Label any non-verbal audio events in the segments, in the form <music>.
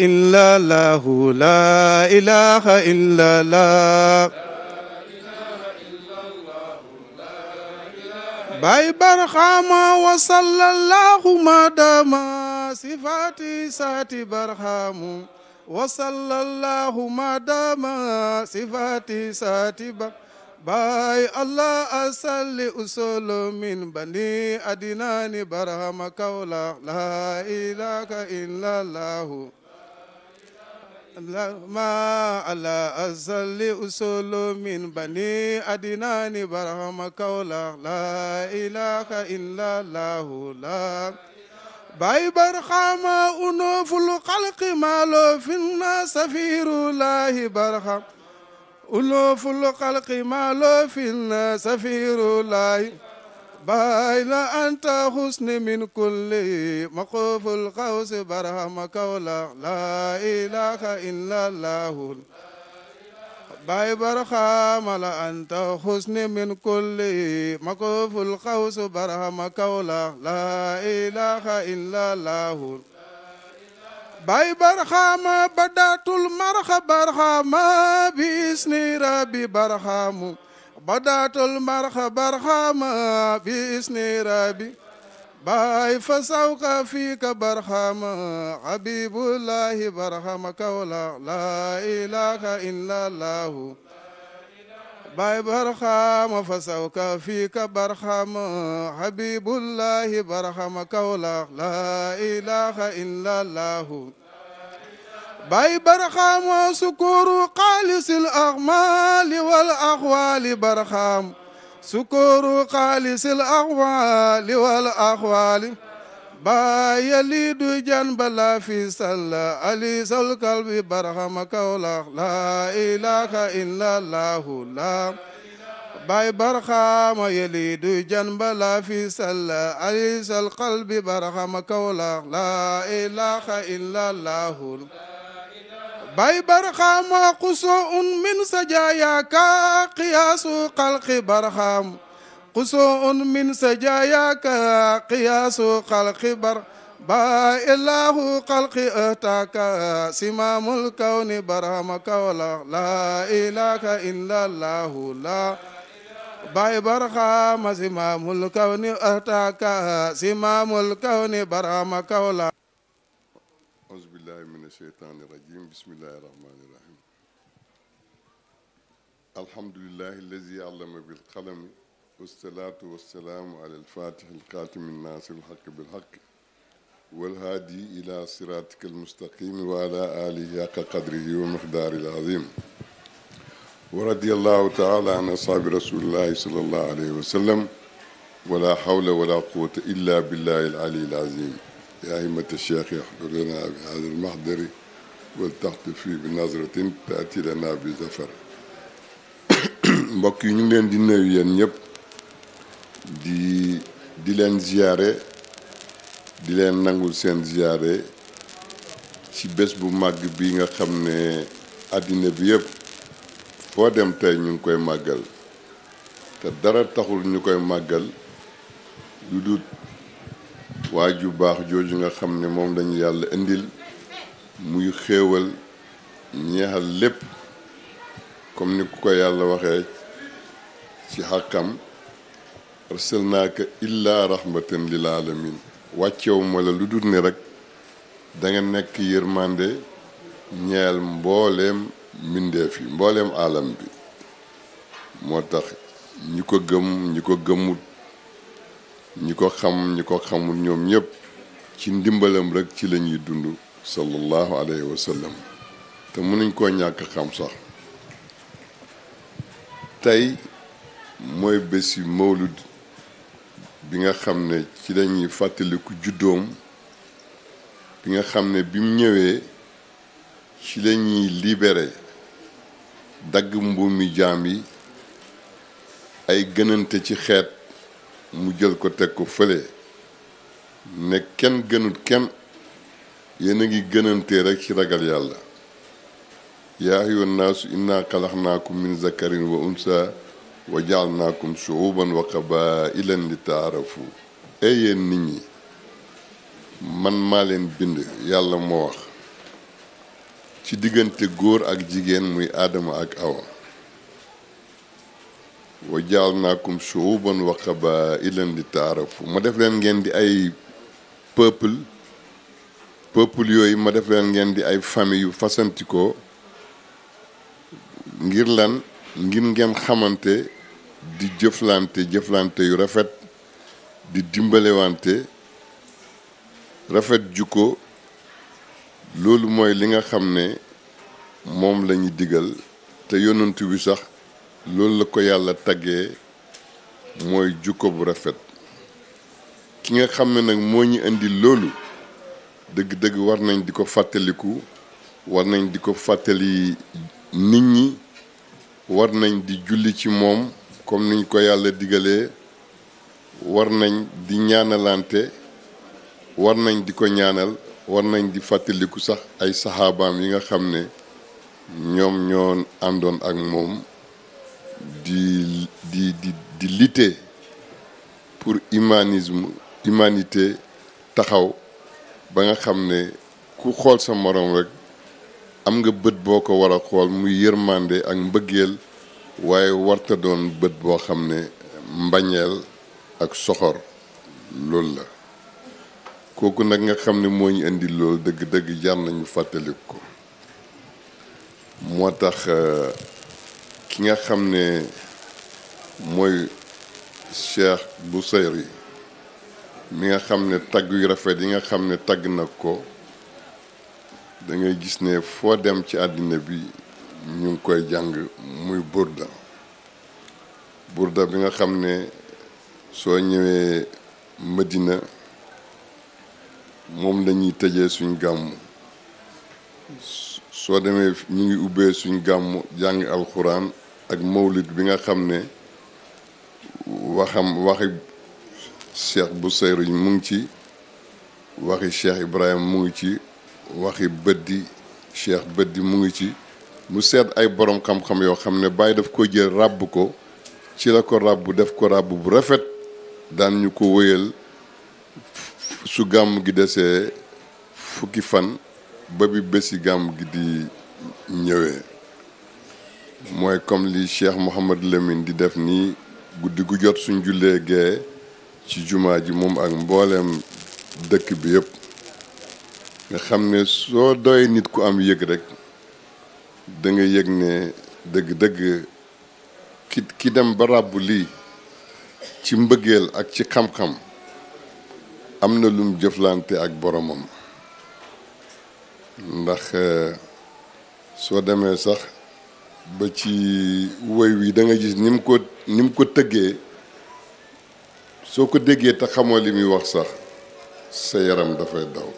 إلا الله لا إله إلا الله باي برخاما وصلى الله ما دام صفاتي ساتي برخام وصلى الله ما دام صفاتي ساتي برخام باي الله أصلي أصول من بني أدنان برهم كولا لا إله إلا الله ما على أزل أصول من بني أدنان برهم كولا لا إله إلا الله لا باي برخام أنوف الخلق مالو في الناس سفير الله برخام أنوف الخلق مالو في الناس سفير الله بين أنت حسن من كل مقوف القوس برهم كولا لا إله إلا الله باي برخام لا أنت حسن من كل مقوف القوس برهم كولا لا إله إلا الله باي برخام بدات المرخ برخام بإسن ربي برخام badaatul marxa barxama bi isni rabi baay fa sawka fii ka barxama habibullahi barxama kawla laa ilaha illa allahu baay barxama fa sawka fii ka barxama habibullahi barxama kawla laa ilaha illa allahu باي برخام سكور قالس الأغمال والأخوال برخام سكور قالس الأغوال والأخوال باي يلد جنب لا في سلا علي سل قلب برخام كولا لا إله إلا الله لا باي برخام يلد جنب لا في سلا علي سل قلب برخام كولا لا إله إلا الله لا باي برخام قسوء من سجاياك قياس خلق برخام قسوء من سجاياك قياس خلق بر با إله خلق أتاك سمام الكون برهمك ولا لا إله إلا الله لا باي برخام سمام الكون أتاك سمام الكون برهمك ولا أعوذ بالله من الشيطان الرجيم الرحيم بسم الله الرحمن الرحيم الحمد لله الذي علم بالقلم والصلاة والسلام على الفاتح القاتم الناصر الحق بالحق والهادي إلى صراطك المستقيم وعلى آله حق قدره ومقدار العظيم ورضي الله تعالى عن أصحاب رسول الله صلى الله عليه وسلم ولا حول ولا قوة إلا بالله العلي العظيم يا أئمة الشيخ احضر لنا بهذا المحضر waltaxtufi bi nazratin taati lana bi zafar <coughs> mbokk yi ñu ngi leen di nuyu yéen ñëpp di di leen ziyaare di leen nangul seen ziyaare ci bés bu màgg bi nga xam ne àddina bi yépp foo dem tey ñu ngi koy màggal te dara taxul ñu koy màggal lu dul waa ju baax jooju nga xam ne moom lañu yàlla indil muy xéewal ñeexal lépp comme ni ku ko yàlla waxee ci xàqam arsalnaaka illaa rahmatan lil alamin wàccew la lu dul ni rekk da nekk yërmande ñeel mbooleem mbindeef yi mbooleem alam bi moo tax ñi ko gëm ñi ko gëmut ñi ko xam ñi ko xamul ñoom ñëpp ci ndimbalam rekk ci lañuy dund sallallahu alayhi wa sallam te mënuñ koo ñàkk xam sax tey mooy bés yu bi nga xam ne ci lañuy fàttaliku juddoom bi nga xam ne bim ñëwee ci lañuy libéré dagg mbuumi jaam yi ay gënante ci xeet mu jël ko teg ko fële ne kenn gënut kenn yéen a ngi gënantee rek ci ragal yàlla yaa ayyuhan naasu inna xalaxnaakum min zakarin wa unsa wa jaalnaakum shuuban wa qabaa'ilan li taarafu ey nit ñi man maa leen bind yàlla moo wax ci diggante góor ak jigéen muy aadama ak awa wa jaalnaakum shuuban wa qabaa'ilan di taarafu ma def leen ngeen di ay peuple peuple yooyu ma def leen ngeen di ay famille yu fasantikoo ngir lan ngir ngeen xamante di jëflante jëflante yu rafet di dimbalewante rafet jukko loolu mooy li nga xam ne moom lañu digal te yonent bi sax loolu la ko yàlla taggee mooy jukko bu rafet ki nga xam ne nag moo ñu indi loolu dëgg-dëgg war nañ di ko fàttaliku war nañ di ko fàttali nit ñi war nañ di julli ci moom comme niñ ko yàlla digalee war nañ di ñaanalante war nañ di ko ñaanal war nañ di fàttaliku sax ay saxaabaam yi nga xam ne ñoom ñoo àndoon ak moom di di di di pour humanisme humanité taxaw ba nga xam ne ku xool sa morom rek am nga bët boo ko war a xool muy yërmande ak mbëggeel waaye warta doon bët boo xam ne mbañeel ak soxor loolu la kooku nag nga xam ne moo ñu indi loolu dëgg-dëgg jar nañu fàttaliku ko moo tax euh, ki nga xam ne mooy bu Cheikh yi mi nga xam ne tagg yu rafet yi nga xam ne tagg nag ko dangay gis ne foo dem ci àddina bi ñu ngi koy jàng muy burda burda bi nga xam ne soo ñëwee Madina moom dañuy tëjee suñ gàmm soo demee ñu ngi ubbee suñ gàmmu jàng alxuraan ak mawlid bi nga xam ne waxam waxi cheikh bu seyruñ mu ngi ci waxi cheikh ibrahima mu ngi ci waxi bët di bëddi bët bëddi mu ngi ci mu seet ay borom xam-xam yoo xam ne bàyyi daf ko jël ràbb ko ci la ko ràbb def ko ràbb bu rafet daan ñu ko wéyal su gàmm gi desee fukki fan ba bi bési gàmm gi di ñëwee mooy comme li cheikh Mouhamad Lamine di def nii guddi gu jot suñ jullee gee ci jumaa ji moom ak mbooleem dëkk bi yëpp nga xam ne soo doy nit ku am yëg rek danga yëg ne dëgg-dëgg ki dem ba ràbb lii ci mbëggeel ak ci xam-xam am na lum jëflante ak boromam ndax eh, soo demee sax ba ci woy wi danga nga gis ni mu ko ni mu ko tëggee soo ko déggee te xamoo li muy wax sax sa yaram dafay daw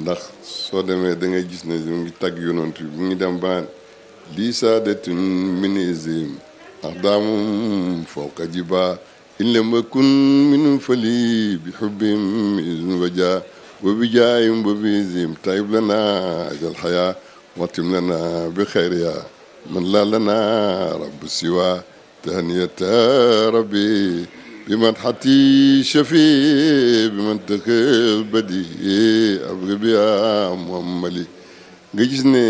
ndax soo demee da ngay gis ne mu ngi tagg yonent bi mu ngi dem baan lii saadatin minizim ax daamum fawqa jiba in lam akun minum fali bi xubbim izn waja wa bi jaayim wa bi zim tayib lana ajal xaya watim lana bi xayriya man laa lana rabb siwa تهنية ربي بمن حتي شفي بمن تخل بدي abri bi moom mali nga gis ne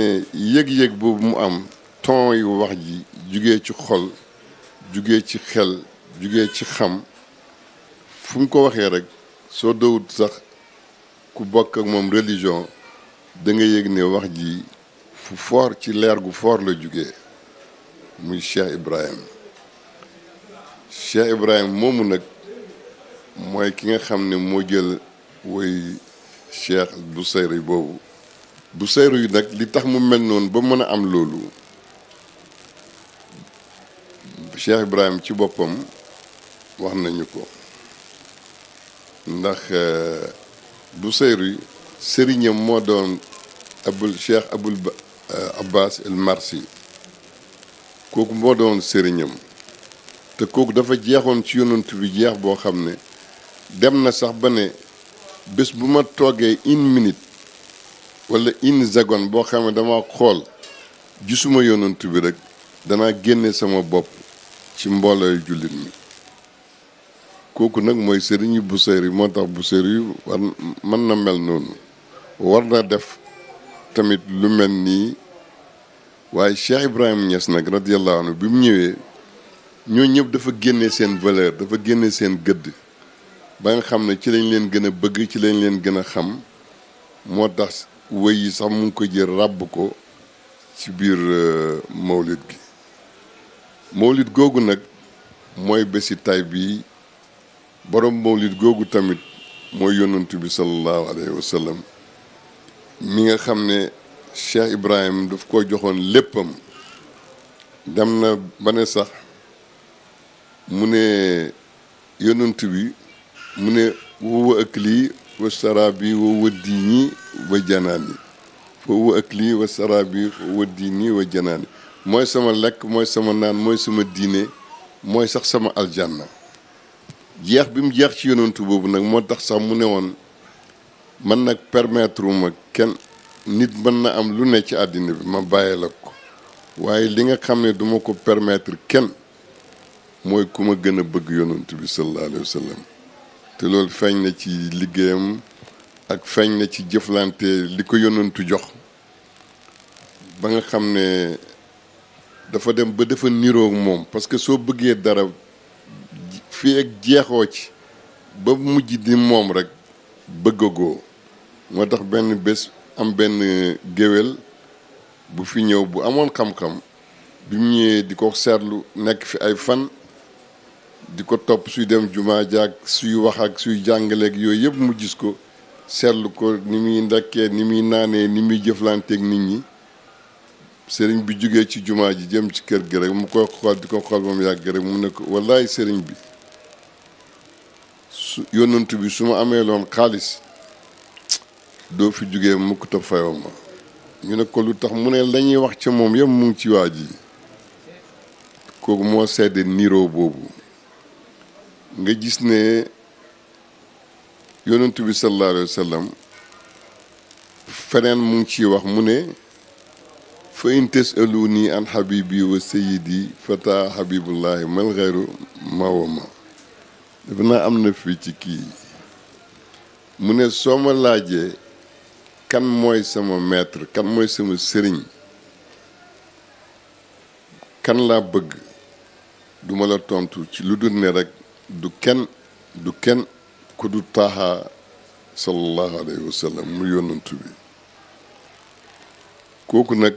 yëg-yëg boobu mu am ton yu wax ji jugee ci xol jugee ci xel jugee ci xam fu mu ko waxee rek soo dowut sax ku bokk ak moom religion da nga yëg ne wax ji fu foor ci leer gu foor la jugee muy Cheikh Ibrahim Cheikh Ibrahima moomu nag mooy ki nga xam ni moo jël woy Cheikh bu sayru yi boobu bu sayru yi nag li tax mu mel noonu ba mën a am loolu Cheikh Ibrahima ci boppam wax nañu ko ndax euh, bu sayru yi sëriñam moo doon abul Cheikh abul euh, Abbas el Marsi kooku moo doon sëriñam te kooku dafa jeexoon ci yonent bi jeex boo xam ne dem na sax ba ne bés bu ma toogee une minute wala une seconde boo xam ne dama xool gisuma yonent bi rek dana génne sama bopp ci mboolooy jullit mi kooku nag mooy sëriñu Busayri moo tax Busayri war mën na mel noonu war na def tamit lu mel nii waaye Cheikh Ibrahim ñes nag radiyallahu anhu bi mu ñëwee ñoo ñëpp dafa génne seen valeur dafa génne seen gëdd ba nga xam ne ci lañ leen gën a bëgg ci lañ leen gën a xam moo tax wëy yi sax mu ngi ko jël ràbb ko ci biir euh, mawlid gi mawlid googu nag mooy bési tay bii boroom mawlid googu tamit mooy yonantu bi sallallahu alayhi wa sallam mi nga xam ne Cheikh Ibrahim daf ko joxoon léppam dem na ba ne sax mu ne yonent bi mu ne wowa ak lii wa sara bi wowa diini wa janaani wowa ak lii wa sara bi wowa diini wa janaani mooy sama lekk mooy sama naan mooy sama diine mooy sax sama aljanna jeex bi mu jeex ci yonantu boobu nag moo tax sax mu ne woon man nag permettre ma kenn nit mën na am lu ne ci àddina bi ma bàyyee la ko waaye li nga xam ne duma ko permettre kenn mooy ku ma gën a bëgg yonent bi sallallahu alayhi wa sallam te loolu feeñ na ci liggéeyam ak feeñ na ci jëflante li ko yonentu jox ba nga xam ne dafa dem ba defa niroog moom parce que soo bëggee dara fii ak jeexoo ci ba mujj di moom rek bëggagoo moo tax benn bés am benn géwél bu fi ñëw bu amoon xam-xam bi mu ñëwee di ko seetlu nekk fi ay fan di ko topp suy dem jumaa jaag suy wax ak suy jàngaleek yooyu yëpp mu gis ko seetlu ko ni muy ndekkee ni muy naanee ni muy jëflanteek nit ñi sëriñ bi jugee ci jumaa ji jëm ci kër gi rek mu koy xool di ko xool moom yàgg rek mu ne ko wallaay sëriñ bi su yónnantu bi su ma amee loon xaalis doo fi jugee mukk te fayoo ma ñu ne ko lu tax mu ne lañuy wax ca moom yëpp mu ngi ci waa ji kooku moo sedd niroo boobu nga gis ne yonent bi sallallahu alayhi feneen mu ngi ciy wax mu ne fa in tasaluni an habibi wa sayidi fata habibullahi mal xayru mawama dafa naa am na fii ci kii mu ne soo ma laajee kan mooy sama maître kan mooy sama sëriñ kan laa bëgg duma la tontu ci lu dul ne rek du kenn du kenn ku du taaxaa sallallahu alayhi wa mu yónnantu bi kooku nag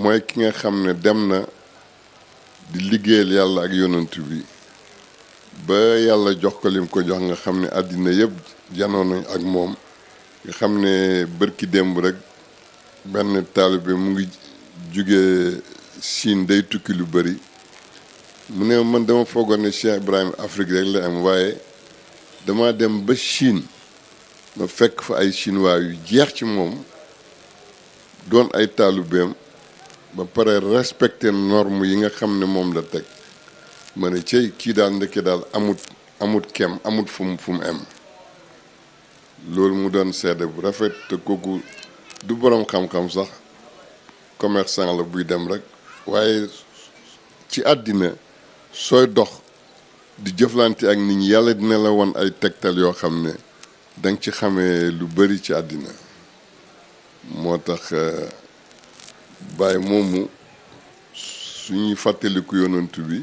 mooy ki nga xam ne dem na di liggéeyal yàlla ak yónnantu bi ba yàlla jox ko lim ko jox nga xam ne àddina yëpp janoo ak moom nga xam ne bërki démb rekk benn taalibe mu ngi jóge Siin day tukki lu bari mu ne man dama foogoon ne Cheikh Ibrahima Afrique rek la am waaye dama dem ba Chine ma fekk fa ay chinois yu jeex ci moom doon ay taalibeem ba pare respecter norme yi nga xam ne moom la teg ma ne cey kii daal ndekke daal amut amut kem amut fu mu fu loolu mu doon seede bu rafet te kooku du boroom xam-xam sax commerçant la buy dem rek waaye ci àddina sooy dox di jëflante ak nit ñi yàlla dina la won ay tegtal yoo xam ne danga ci xamee lu bari ci àddina moo tax euh, bàyyi moomu suñuy fàttaliku yonent bi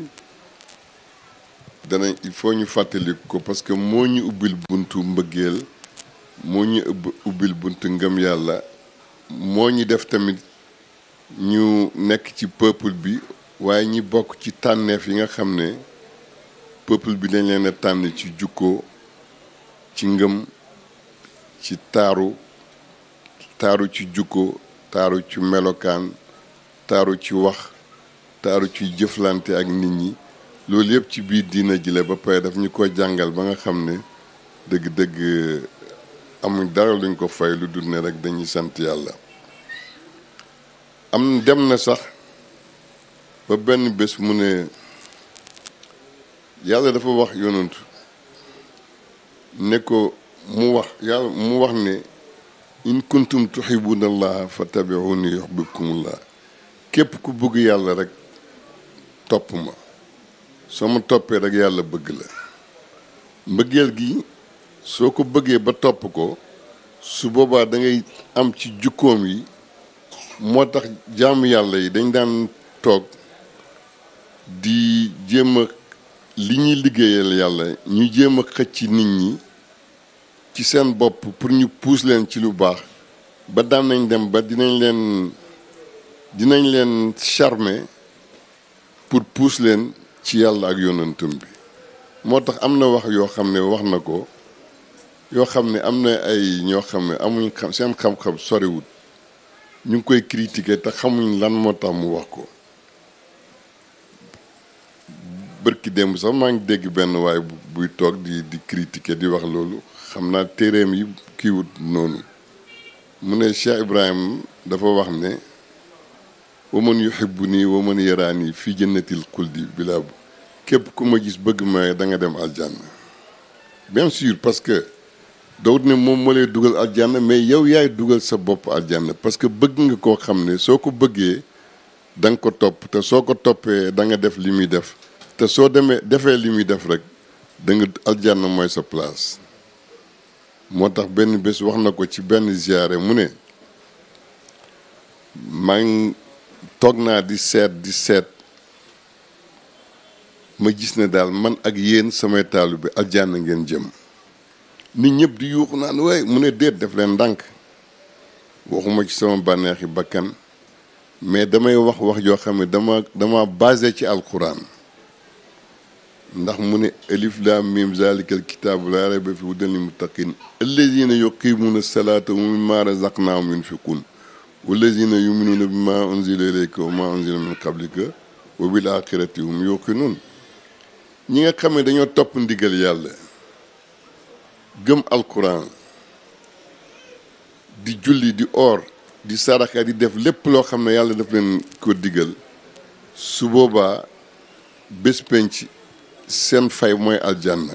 dana il faut ñu fàttaliku ko parce que moo ñu ubbil buntu mbëggeel moo ñu ubbil buntu ngëm yàlla moo ñu def tamit ñu nekk ci peuple bi waaye ñi bokk ci tànneef yi nga xam ne peuple bi dañ leen tànn ci jukko ci ngëm ci taaru taaru ci jukko taaru ci melokaan taaru ci wax taaru ci jëflante ak nit ñi loolu yëpp ci biir diina ji la ba pare daf ñu ko jàngal ba nga xam ne dëgg-dëgg amuñ dara luñ ko fay lu dul ne rek dañuy sant yàlla am dem na sax ba benn bés mu ne yàlla dafa wax yonantu ne ko mu wax yàlla mu wax ne in kuntum tuhibbuna allaha fattabi'uni yuhbibkumullah képp ku bëgg yàlla rek topp ma soo ma toppee rek yàlla bëgg la mbëggeel gi soo ko bëggee ba topp ko su boobaa dangay am ci jukkoom yi moo tax jaamu yàlla yi dañ daan toog di jéem a li ñuy liggéeyal yàlla ñu jéem a xëcc nit ñi ci seen bopp pour ñu puus leen ci lu baax ba daan nañ dem ba dinañ leen dinañ leen charmer pour puus leen ci yàlla ak yonantum bi moo tax am na wax yoo xam ne wax na ko yoo xam ne am na ay ñoo xam ne amuñ xam seen xam-xam soriwut ñu ngi koy critiquer te xamuñ lan moo tax mu wax ko bërki dem sax maa ngi dégg benn waaye buy toog di di critiquer di wax loolu xam naa téeréem yi kiiwut noonu mu ne Cheikh Ibrahim dafa wax ne waman yuhibbu nii waman yaraan yi fii jënnatil xuldi bilaa bu képp ku ma gis bëgg ma da nga dem aljanna bien sûr parce que dawut ne moom moo lay dugal aljanna mais yow yaay dugal sa bopp aljanna parce que bëgg nga koo xam ne soo ko bëggee danga ko topp te soo ko toppee da nga def li muy def te soo demee defee li muy def rek da nga aljanna mooy sa place moo tax benn bés wax na ko ci benn ziare mu ne maa toog naa di seet di seet ma gis ne daal man ak yéen samay taalu bi aljanna ngeen jëm nit ñëpp di yuuxu naan waaye mu ne déet def leen ndànk waxuma ci sama bànneexi bakkan mais damay wax wax joo xam ne dama dama basé ci alquran ndax mu ne alif laam miim zaalikal kitaabu laa rayba fiihi hudan lil muttaqiin allaziina yuqiimuuna salaata wa mimmaa razaqnaahum yunfiquun wallaziina yu'minuuna bimaa unzila ilayka wa maa unzila min qablika wa bil aaxirati hum yuuqinuun ñi nga xam ne dañoo topp ndigal yàlla gëm alquran di julli di oor di saraxa di def lépp loo xam ne yàlla daf leen ko digal su boobaa bés penc seen fay mooy aljanna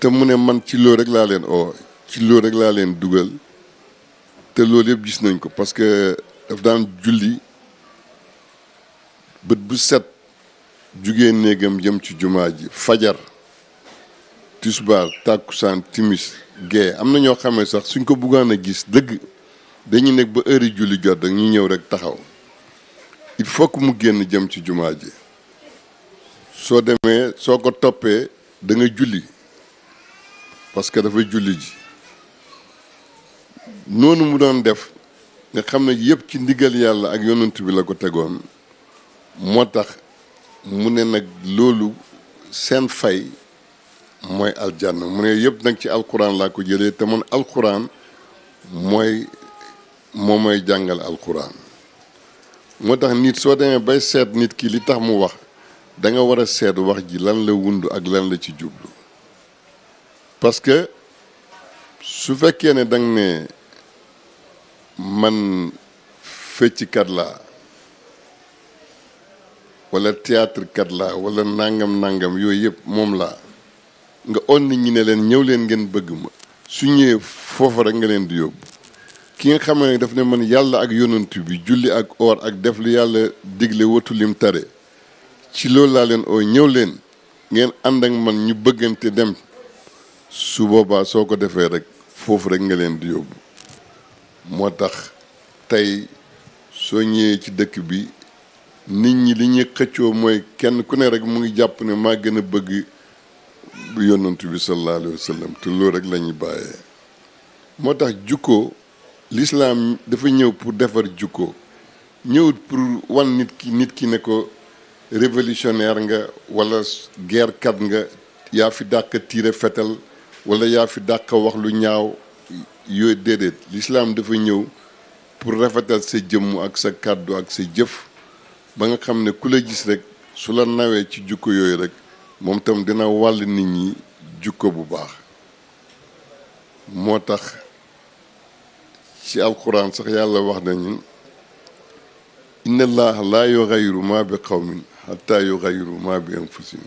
te mu ne man ci loolu rek laa leen oo ci loolu rek laa leen dugal te loolu yëpp gis nañ ko parce que daf daan julli bët bu set jugee néegam jëm ci jumaa ji fajar tisbaar tàkkusaan timis gee am na ñoo xamee sax suñ ko buggaan a gis dëgg dañu nekk ba heure yi julli jot rek ñu ñëw rek taxaw il faut mu génn jëm ci jumaa ji soo demee soo ko toppee da julli parce que dafa julli ji noonu mu doon def nga xam ne yëpp ci ndigal yàlla ak yonent bi la ko tegoon moo tax mu ne nag loolu seen fay mooy aljanna mu ne yëpp nag ci alquran laa ko jëlee te man alquran mooy moo mooy jàngal alquran moo tax nit soo demee bay seet nit ki li tax mu wax da nga war a seet wax ji lan la wund ak lan la ci jublu parce que su fekkee ne danga ne man fecc feccikat la wala théâtre kat laa wala nangam nangam yooyu yëpp moom la nga on nit ñi ne leen ñëw leen ngeen bëgg ma su ñëwee foofa rek nga leen di yóbbu ki nga xam ne daf ne man yàlla ak yonantu bi julli ak or ak def lu yàlla digle watu lim tare ci loolu laa leen oo ñëw leen ngeen ànd ak man ñu bëggante dem su boobaa soo ko defee rek foofu rek nga leen di yóbbu moo tax tey soo ñëwee ci dëkk bi nit ñi li ñuy xëccoo mooy kenn ku ne rek mu ngi jàpp ne maa gën a bëgg yonent bi sallallahu alayhi wa sallam te loolu rek lañuy ñuy bàyyee moo tax jukkoo lislaam dafa ñëw pour defar jukkoo ñëwut pour wan nit ki nit ki ne ko révolutionnaire nga walla guerre kat nga yaa fi dàq tiire fetal walla yaa fi dàq wax lu ñaaw yooyu déedéet l'islam dafa ñëw pour rafetal sa jëmm ak sa kàddu ak sa jëf ba nga xam ne ku la gis rek su la nawee ci jukko yooyu rek moom tam dina wàll nit ñi jukko bu baax moo tax ci alquran sax yàlla wax nañu inna allaha laa yughayyiru ma bi qawmin xataa yu xayiru maa bi anfusihim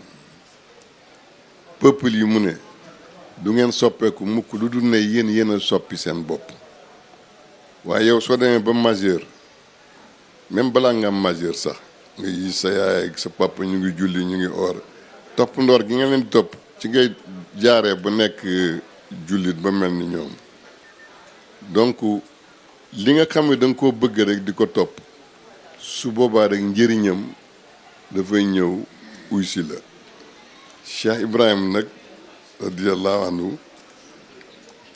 peuple yi mu ne du ngeen soppeeku mukk lu dul ne yéen yéen a soppi seen bopp waaye yow soo demee ba majeur même balaa nga am sax nga gis sa yaay sa papa ñu ngi julli ñu ngi oor topp ndoor gi nga leen topp ci ngay jaaree ba nekk euh, jullit ba mel ni ñoom donc li nga xam ne da koo bëgg rek di ko topp su boobaa rek njëriñam dafay ñëw uy si la Cheikh Ibrahima nag radiallahu anhu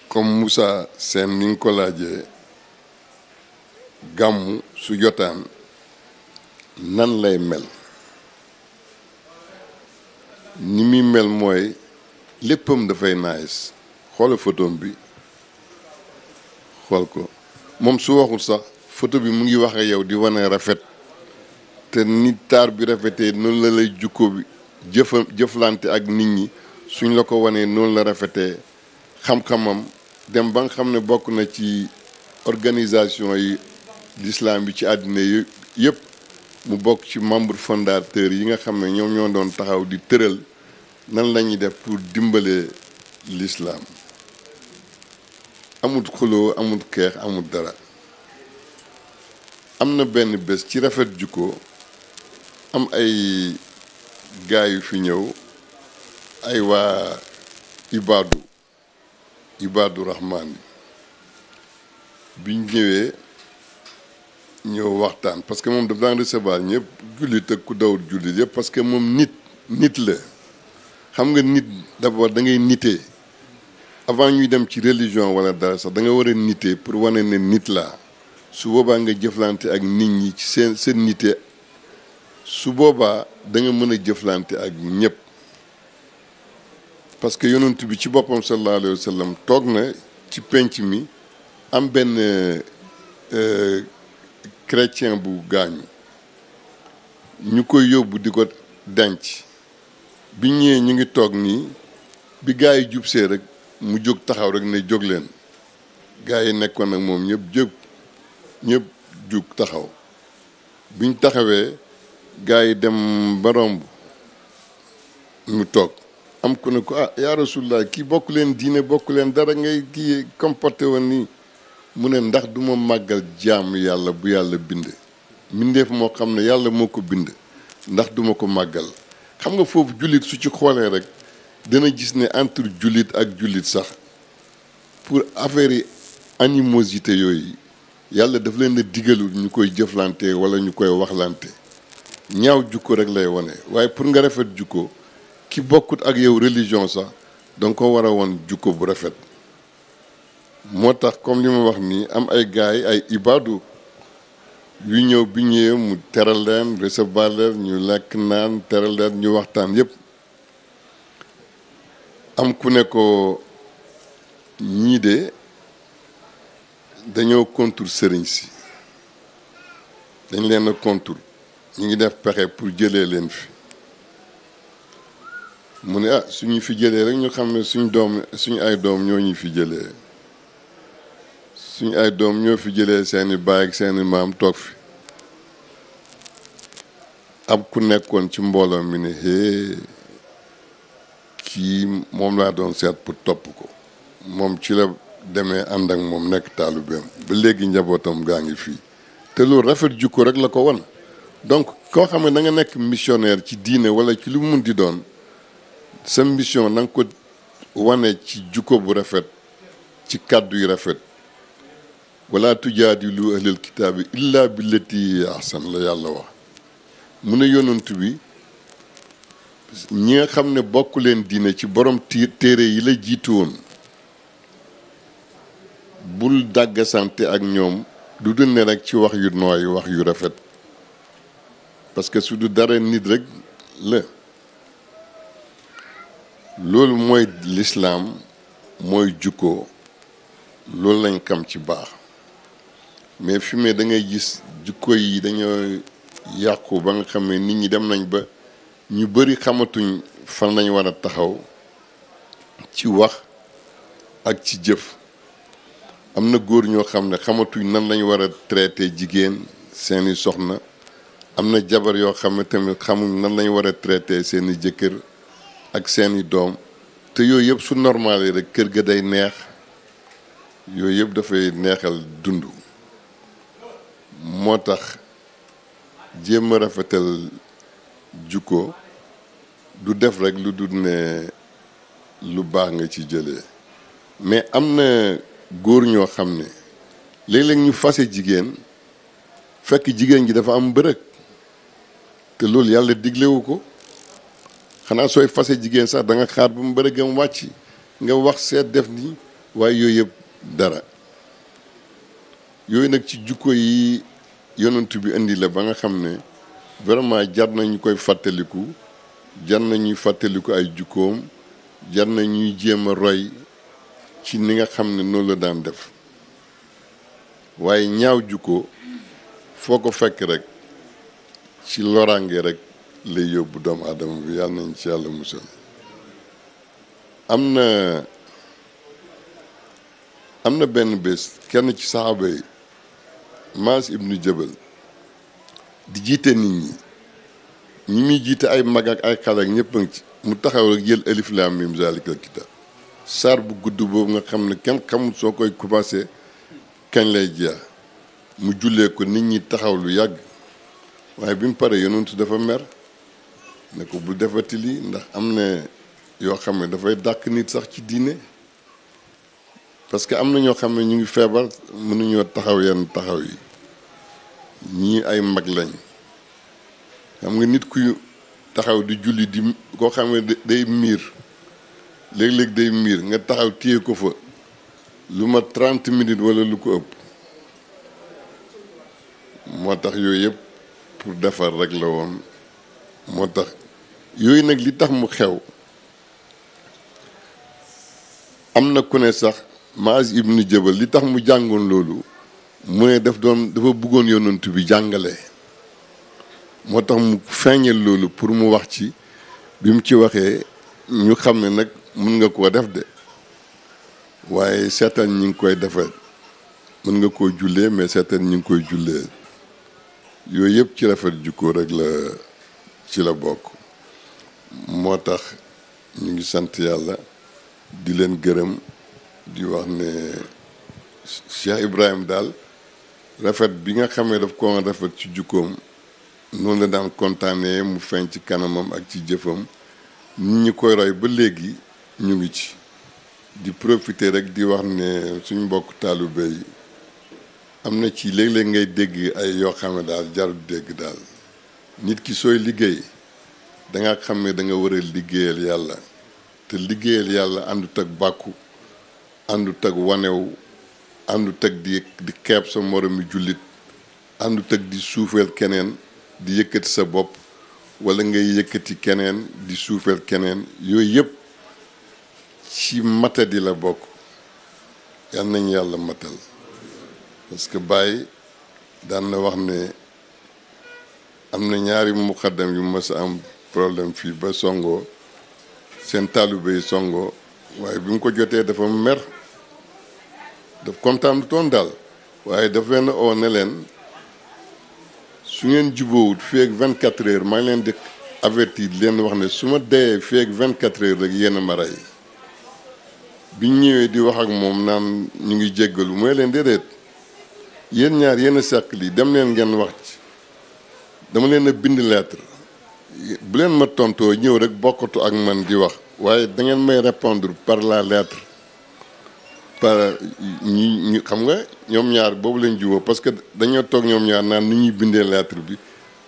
comme Moussa Sène ni ko laajee gàmmu su jotaan nan lay mel ni muy mel mooy léppam dafay naayis xoola photom bi xool ko moom su waxul sax photo bi mu ngi wax ak yow di wane rafet nit taar bi rafetee noonu la lay jukko bi jëfa jëflante ak nit ñi suñ la ko wanee noonu la rafetee xam-xamam dem ba nga xam ne bokk na ci organisation yi l'islam bi ci àddina yi yëpp mu bokk ci membre fondateur yi nga xam ne ñoom ñoo doon taxaw di tëral nan la def pour dimbalee lislaam amut xuloo amut xeex amut dara am na benn bés ci rafet jukko am ay gaay yu fi ñëw ay waa ibaadu ibaadu rahmaan biñ ñëwee ñëw waxtaan parce que moom daf daan recevoir ñëpp jullit ak ku dawul jullit yëpp parce que moom nit nit la xam nga nit d'abord da ngay nitee avant ñuy dem ci religion wala dara sax da nga war a nitee pour wane ne nit laa su boobaa nga jëflante ak nit ñi ci seen seen nitee su boobaa da nga mën a jëflante ak ñëpp parce que yonent bi ci boppam sallallahu alayhi wa sallam toog na ci penc mi am benn euh, chrétien bu gaañu ñu koy yóbbu di ko denc bi ñëwee ñu ngi toog nii bi gaa yi jubsee rek mu jóg taxaw rek ne jóg leen gaa yi nekkoon ak moom ñëpp jóg ñëpp jóg taxaw biñ taxawee gaa yi dem ba romb mu toog am ko ne ko ah yaa rasulullah kii bokk leen diine bokk leen dara ngay kii comporté woon nii mu ne ndax du ma màggal jaamu yàlla bu yàlla bind mbindeef moo xam ne yàlla moo ko bind ndax duma ko màggal xam nga foofu jullit su ci xoolee rek dana gis ne entre jullit ak jullit sax pour affaire yi animosité yooyu yàlla daf leen a digalul ñu koy jëflante wala ñu koy waxlante ñaaw jukko rek lay wone waaye pour nga rafet jukko ki bokkut ak yow religion sax da nga ko war a woon jukko bu rafet moo tax comme li ma wax nii am ay gaay ay ibaadu yu ñëw bi ñëwee mu teral leen ñu lekk naan teral ñu waxtaan yépp am ku ne ko ñii de dañoo contour sëriñ si dañ leen a contour ñu ngi def pexe pour jëlee leen fi mu ne ah suñu fi jëlee rek ñu xam ne suñ doom suñu ay doom ñoo ñu fi jëlee suñu ay doom ñoo fi jëlee seeni baay seeni maam toog fi am ku nekkoon ci mbooloom mi ne hee kii moom laa doon seet pour topp ko moom ci la demee ànd ak moom nekk taalubeem ba léegi njabootam gaa ngi fii te lu rafet jukko rek la ko wan donc koo xam ne da nekk missionnaire ci diine wala ci lu mun di doon sa mission na ko wane ci jukko bu rafet ci kàddu yu rafet wala tujaadilu ahlal kitaabi illa billati ahsan la yàlla wax mu ne yonent bi ñi nga xam ne bokk leen diine ci borom téere yi la jiitu woon bul dàggasante ak ñoom du dul ne rek ci wax yu nooy wax yu rafet parce que su du dara nit rek la loolu mooy lislaam mooy jukkoo loolu lañ xam ci baax mais fi mu da ngay gis jukko yi dañoo yàqu ba nga xam nit ñi dem nañ ba ñu bari xamatuñ fan lañ war a taxaw ci wax ak ci jëf am na góor ñoo xam ne xamatuñ nan lañ war a traité jigéen seeni soxna am na jabar yoo xam ne tamit xamuñ nan lañ war a traité seen i jëkkër ak seeni doom te yooyu yëpp su normal yi rek kër ga day neex yooyu yëpp dafay neexal dund moo tax jéem a rafetal jukko du def rek lu du ne lu baax nga ci jëlee mais am na góor ñoo xam ne léeg-léeg ñu fase jigéen fekk jigéen ji dafa am bërëg te loolu yàlla diglewu ko xanaa sooy fase jigéen sax da nga xaar ba mu bëri gëm wàcc nga wax seet def nii waaye yooyu yëpp dara yooyu nag ci jukko yi yonent bi indi la ba nga xam ne vraiment jar nañu koy fàttaliku jar nañuy fàttaliku ay jukkoom jar nañuy jéem a roy ci ni nga xam ne noonu la daan def waaye ñaaw jukko foo ko fekk rek ci loraange rek lay yóbbu doomu aadama bi yàlla nañ ci yàlla musal am na am na benn bés kenn ci saxaaba yi Maas ibnu Jabal di jiite nit ñi ñi muy jiite ay mag ak ay xale ak ñëpp ci mu taxaw rek jël alif laam mim zaalikal kitaab saar bu gudd boobu nga xam ne kenn xamul soo koy commencé kañ lay jeex mu jullee ko nit ñi taxaw lu yàgg waaye bi mu paree yonent dafa mer ne ko bu defati lii ndax am na yoo xam ne dafay dàq nit sax ci diine parce que am na ñoo xam ne ñu ngi feebar mënuñoo taxaw yenn taxaw yi ñii ay mag lañ xam nga nit ku taxaw di julli di koo xam ne day miir léeg-léeg day miir nga taxaw téye ko fa lu ma trent minutes wala lu ko ëpp moo tax yooyu yëpp pour defar rek la woon moo tax yooyu nag li tax mu xew am na ku ne sax Maaz ibnu Jabal li tax mu jàngoon loolu mu ne daf doon dafa bëggoon yonent bi jàngale moo tax mu feeñal loolu pour mu wax ci bi mu ci waxee ñu xam ne nag mun nga koo def de waaye seetaan ñi ngi koy defar mën nga koo jullee mais seetaan ñi ngi koy jullee yooyu yëpp ci rafet jikko rek la ci la bokk moo tax ñu ngi sant yàlla di leen gërëm di wax ne Cheikh Ibrahim daal rafet bi nga xamee daf ko rafet ci jukkoom noonu la daan kontaanee mu feeñ ci kanamam ak ci jëfam nit ñi koy roy ba léegi ñu ngi ci di profiter rek di wax ne suñ mbokk taalibe yi am na ci léeg-léeg ngay dégg ay yoo xam ne daal jarul dégg daal nit ki sooy liggéey danga nga xam ne da nga liggéeyal yàlla te liggéeyal yàlla àndut ak bàkku àndut ak wanew àndut ak di di xeeb sa moromi jullit àndut ak di suufeel keneen di yëkkati sa bopp wala ngay yëkkati keneen di suufeel keneen yooyu yëpp ci di la bokk yal nañ yàlla matal parce que Baye daan na wax ne am na ñaari muqaddam yu ma a am problème fii ba songoo seen taalibe yi songoo waaye bi mu ko jotee dafa mer daf kontaan lu toon daal waaye dafa leen oo ne leen su ngeen jubóowut fii ak 24 heures maa ngi leen di avertir leen wax ne su ma deyee fii ak vingt 24 heures rek yéen a ma rey biñ ñëwee di wax ak moom naan ñu ngi jéggalu mooy leen déedéet. yéen ñaar yéen a seq lii dem leen ngeen wax ci dama leen bind lettre bu leen ma tontoo ñëw rek bokkatu ak man di wax waaye da ngeen may répondre par la lettre par ñi ñu xam nga ñoom ñaar boobu lañ jubóo parce que dañoo toog ñoom ñaar naan ni ñuy bindee lettre bi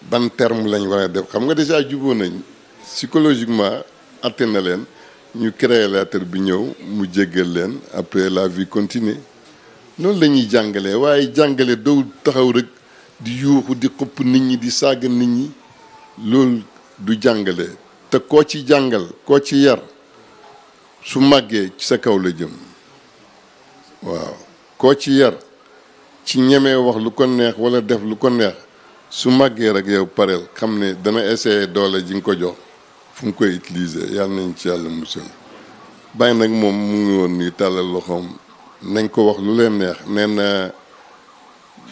ban terme lañ war a def xam nga déjà jubóo nañ psychologiquement atte na leen ñu créer lettre bi ñëw mu jéggal leen après la vie continue noonu lañuy ñuy jàngalee waaye jàngale doo taxaw rek di yuuxu di xupp nit ñi di sàgg nit ñi loolu du jàngale te koo ci jàngal koo ci yar su màggee ci sa kaw la jëm waaw koo ci yar ci ñemee wax lu ko neex walla def lu ko neex su màggee rek yow pareel xam ne dana essayer doole ji nga ko jox fu mu koy utiliser yàlla nañ ci yàlla musal bàyyi nag moom mu ngi woon ni tàllal loxoom nañ ko wax lu leen neex nee na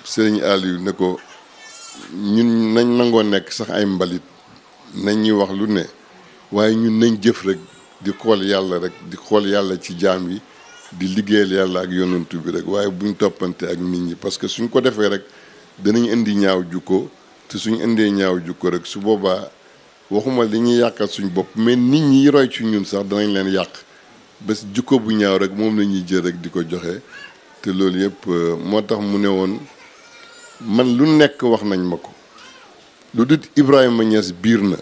sëriñ Aliou ne ko ñun nañ nangoo nekk sax ay mbalit nañ ñuy wax lu ne waaye ñun nañ jëf rek di xool yàlla rek di xool yàlla ci jaam yi di liggéeyal yàlla ak yonantu bi rek waaye bu buñ toppante ak nit ñi parce que suñ ko defee rek danañ indi ñaaw jukko te suñ indee ñaaw jukko rek su boobaa waxuma li ñuy yàqal suñ bopp mais nit ñi roy ci ñun sax danañ leen yàq bés jukko bu ñaaw rek moom lañuy ñuy jël rek di ko joxe te loolu yëpp euh, moo tax mu ne woon man lu nekk wax nañ ma ko lu ibrahim Ibrahima Niass biir na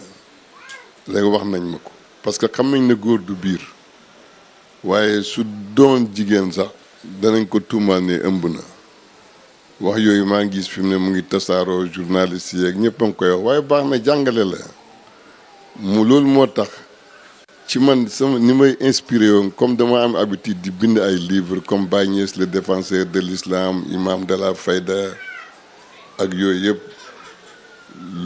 léegi wax nañ ma ko parce que xam nañ ne góor du biir waaye su doon jigéen sax danañ ko tuumaal ne ëmb na wax yooyu maa ngi gis fi mu ne mu ngi tasaaroo journaliste yeeg ñëpp a ngi koy wax waaye baax na jàngale la mu loolu moo tax. ci man sama ni may inspiré woon comme dama am habitude di bind ay livres comme Baye le défenseur de l'islam imam de la fayda ak yooyu yëpp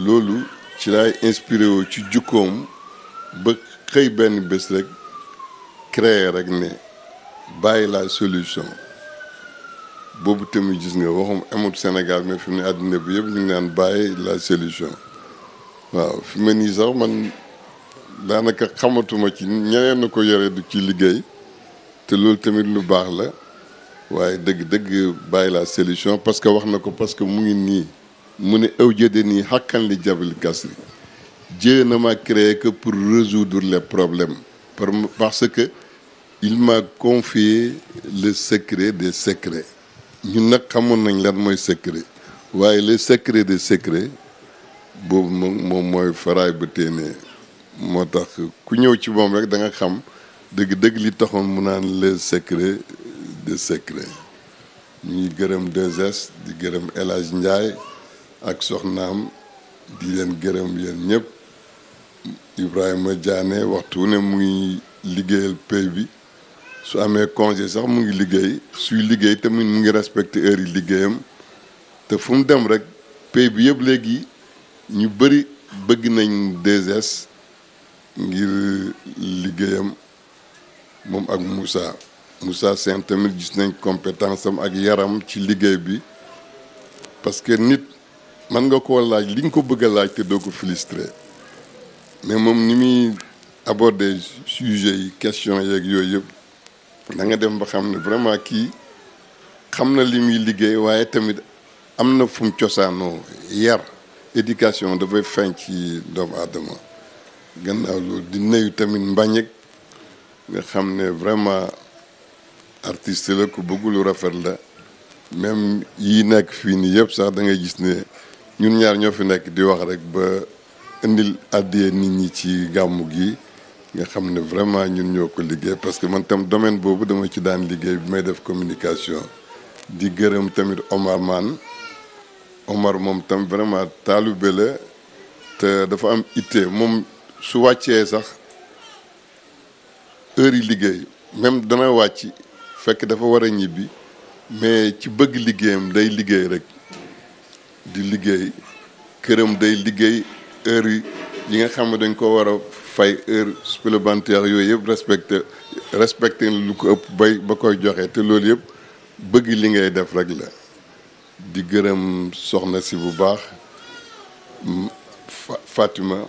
loolu ci laay inspiré woo ci jukkoom ba xëy benn bés rek créer rek ne bàyyi la solution boobu tamit gis nga waxum amut Sénégal mais fi mu ne àddina bi yëpp ñu ngi naan bàyyi la solution waaw fi ma nii sax man daanaka xamatuma ci ñeneen na ko yore du ci liggéey te loolu tamit lu baax la waaye dëgg-dëgg bàyyi la solution parce que wax na ko parce que mu ngi nii mu ne aw jëde nii xàkkan li jabal gasri Dieu na m'a créé que pour résoudre les problèmes parce que il m'a confié le secret des secrets ñun nag xamoon nañ lan mooy secret waaye le secret des secrets boobu moom moom mooy faraay ba téenee moo tax ku ñëw ci boom rek da nga xam dëgg-dëgg li taxoon mu naan le secret de secret ñu ngi gërëm 2S di gërëm El Hadj Ndiaye ak soxnaam di leen gërëm yéen ñëpp Ibrahima Diané waxtu ne muy ngi liggéeyal pay bi su amee congé sax mu ngi liggéey suy liggéey tamit mu ngi respecté heure yi liggéeyam te fu mu dem rek pay bi yëpp léegi ñu bëri bëgg nañ 2S ngir liggéeyam moom ak Moussa Moussa Sène tamit gis nañ compétence am ak yaram ci liggéey bi parce que nit man nga koo laaj li nga ko bëgg laaj te doo ko frustré mais moom ni muy aborder sujet yi question yeeg yooyu yëpp da nga dem ba xam ne vraiment kii xam na li muy liggéey waaye tamit am na fu mu cosaanoo yar éducation dafay feeñ ci doomu aadama gannaaw loolu di nuyu tamit Mbagnick nga xam ne vraiment artiste la ku bëgg lu rafet la même yii nekk fii nii yëpp sax dangay gis ne ñun ñaar ñoo fi nekk di wax rek ba indil àddiyee nit ñi ci gàmmu gi nga xam ne vraiment ñun ñoo ko liggéey parce que man tam domaine boobu dama ci daan liggéey bi may def communication di gërëm tamit Omar Maan Omar moom tam vraiment taalibe la te dafa am ittee moom su wàccee sax heure yi liggéey même dana wàcc fekk dafa war a ñibbi mais ci bëgg liggéeyam day liggéey rek di liggéey këram day liggéey heure yi yi nga xam ne dañ ko war a fay heure supplémentaire yooyu yëpp respecté respecté lu ko ëpp bay ba koy joxe te loolu yëpp bëgg li ngay def rek la di gërëm soxna si bu baax Fatima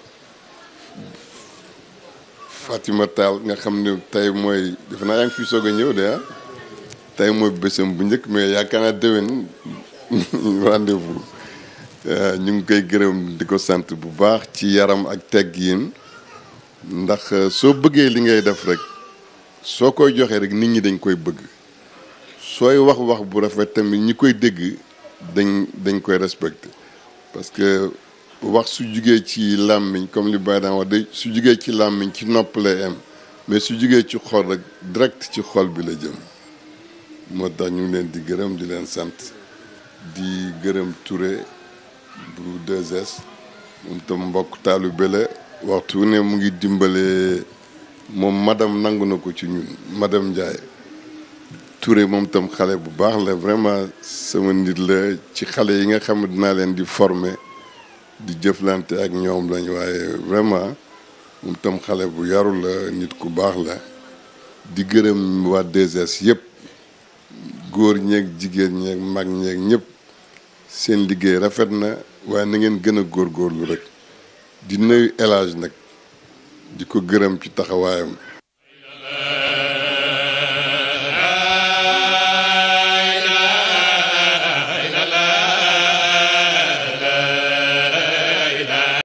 Fatima Tall nga xam ne tey mooy defe naa yaa ngi fi soog ñëw de ah tey mooy bésam bu njëkk mais yaakaar naa déwén <laughs> rendez euh, ñu ngi koy gërëm di ko sant bu baax ci yaram ak teggin ndax euh, soo bëggee li ngay def rek soo koy joxee rek nit ñi dañ koy bëgg sooy wax wax bu rafet tamit ñi koy dégg dañ dañ koy respecté parce wax su jugee ci làmmiñ comme li Baye de su jugee ci làmmiñ ci nopp lay am mais su jugee ci xol rek direct ci xol bi la jëm moo tax ñu ngi leen di gërëm di leen sant di gërëm Touré bu 2S moom tam mbokk taalibe la waxtu wu ne mu ngi dimbale moom madam nangu na ko ci ñun madame Ndiaye Touré moom tam xale bu baax la vraiment sama nit la ci xale yi nga xam ne dinaa leen di former. di jëflante ak ñoom lañ waaye vraiment moom tam xale bu yaru la nit ku baax la di gërëm waa 2S yëpp góor ñeeg jigéen ñeeg mag ñeeg ñëpp seen liggéey rafet na waaye na ngeen gën a góorgóorlu rek di nuyu El nag di ko gërëm ci taxawaayam